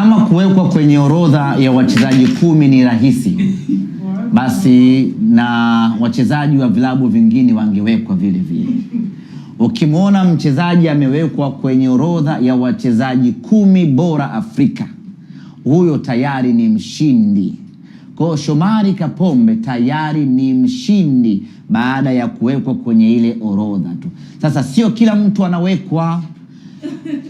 Kama kuwekwa kwenye orodha ya wachezaji kumi ni rahisi, basi na wachezaji wa vilabu vingine wangewekwa vile vile. Ukimwona mchezaji amewekwa kwenye orodha ya wachezaji kumi bora Afrika, huyo tayari ni mshindi. Kwa hiyo Shomari Kapombe tayari ni mshindi baada ya kuwekwa kwenye ile orodha tu. Sasa sio kila mtu anawekwa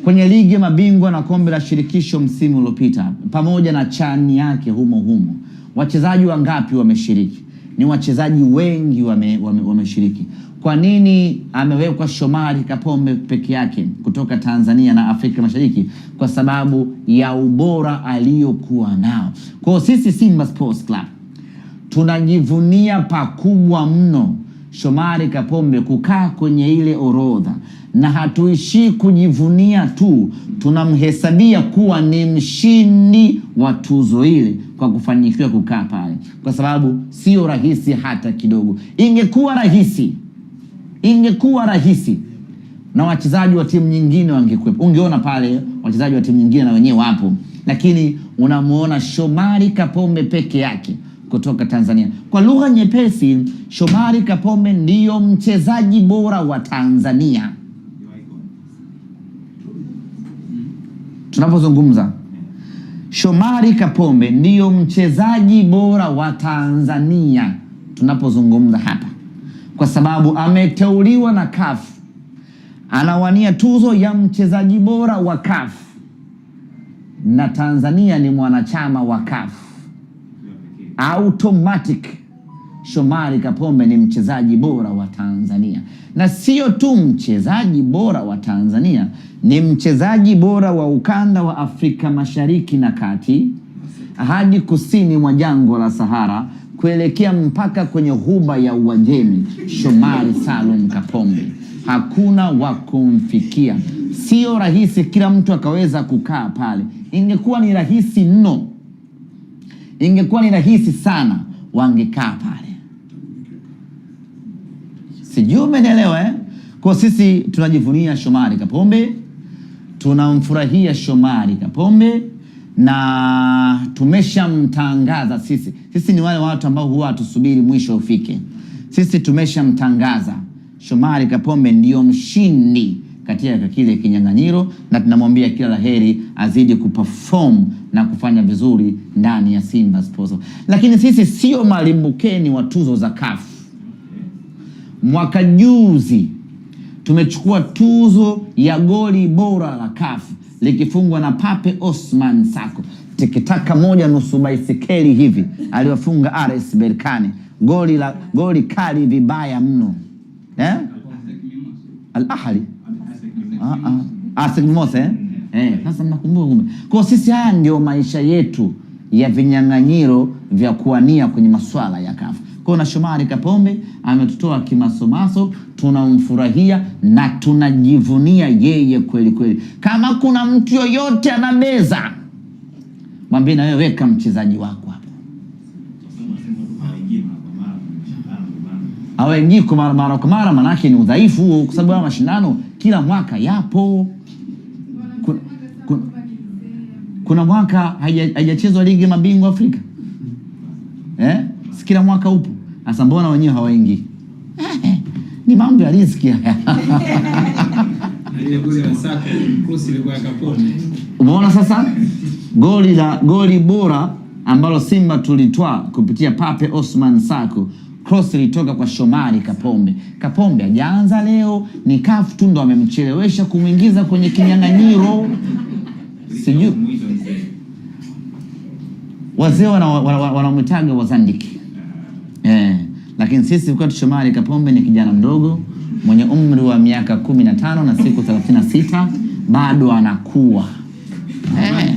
kwenye ligi ya mabingwa na kombe la shirikisho msimu uliopita pamoja na chani yake humo humo, wachezaji wangapi wameshiriki? Ni wachezaji wengi wameshiriki. Wame, wame kwa nini amewekwa Shomari Kapombe peke yake kutoka Tanzania na Afrika Mashariki? Kwa sababu ya ubora aliyokuwa nao. kwao. sisi Simba Sports Club tunajivunia pakubwa mno Shomari Kapombe kukaa kwenye ile orodha, na hatuishii kujivunia tu, tunamhesabia kuwa ni mshindi wa tuzo ile kwa kufanikiwa kukaa pale, kwa sababu sio rahisi hata kidogo. Ingekuwa rahisi, ingekuwa rahisi na wachezaji wa timu nyingine wangekuwepo, ungeona pale wachezaji wa timu nyingine na wenyewe wapo, lakini unamwona Shomari Kapombe peke yake kutoka Tanzania. Kwa lugha nyepesi, Shomari Kapombe ndiyo mchezaji bora wa Tanzania tunapozungumza. Shomari Kapombe ndiyo mchezaji bora wa Tanzania tunapozungumza hapa, kwa sababu ameteuliwa na CAF, anawania tuzo ya mchezaji bora wa CAF na Tanzania ni mwanachama wa CAF automatic Shomari Kapombe ni mchezaji bora wa Tanzania, na sio tu mchezaji bora wa Tanzania, ni mchezaji bora wa ukanda wa Afrika Mashariki na Kati hadi kusini mwa jangwa la Sahara kuelekea mpaka kwenye huba ya Uajemi. Shomari Salum Kapombe hakuna wa kumfikia. Sio rahisi kila mtu akaweza kukaa pale, ingekuwa ni rahisi mno ingekuwa ni rahisi sana wangekaa pale. Sijui umenielewa eh? Kwa sisi tunajivunia Shomari Kapombe, tunamfurahia Shomari Kapombe na tumeshamtangaza sisi. Sisi ni wale watu ambao huwa hatusubiri mwisho ufike. Sisi tumeshamtangaza Shomari Kapombe ndio mshindi katika kile kinyang'anyiro, na tunamwambia kila laheri azidi kuperform na kufanya vizuri ndani ya Simba Sports. Lakini sisi sio malimbukeni wa tuzo za CAF. Mwaka juzi tumechukua tuzo ya goli bora la CAF likifungwa na Pape Osman Sako, tikitaka moja nusu baisikeli hivi aliyofunga RS Berkane, goli la goli kali vibaya mno eh? Al Ahli Ah, ah. Ah, eh? Eh, sasa kumbe. Kwa sisi haya ndio maisha yetu ya vinyang'anyiro vya kuania kwenye masuala ya kafu Kwa na Shomari Kapombe ametutoa kimasomaso, tunamfurahia na tunajivunia yeye kweli kweli. Kama kuna mtu yoyote anameza, mwambie na wewe weka mchezaji wako hapo, awaingii kwa mara kwa mara, manake ni udhaifu huo, kwa sababu ya mashindano kila mwaka yapo. Kuna, kuna, mwaka haijachezwa ligi mabingwa Afrika eh? si kila mwaka upo. Sasa mbona wenyewe hawaingi eh, eh, ni mambo ya riziki haya. Umeona sasa, goli la goli bora ambalo Simba tulitwaa kupitia Pape Osman Sako cross ilitoka kwa Shomari Kapombe. Kapombe hajaanza leo, ni CAF tu ndo amemchelewesha kumwingiza kwenye kinyang'anyiro. Sijui wazee wanamwitaga wazandiki eh, lakini sisi kwetu Shomari Kapombe ni kijana mdogo mwenye umri wa miaka kumi na tano na siku thelathini na sita bado anakuwa eh.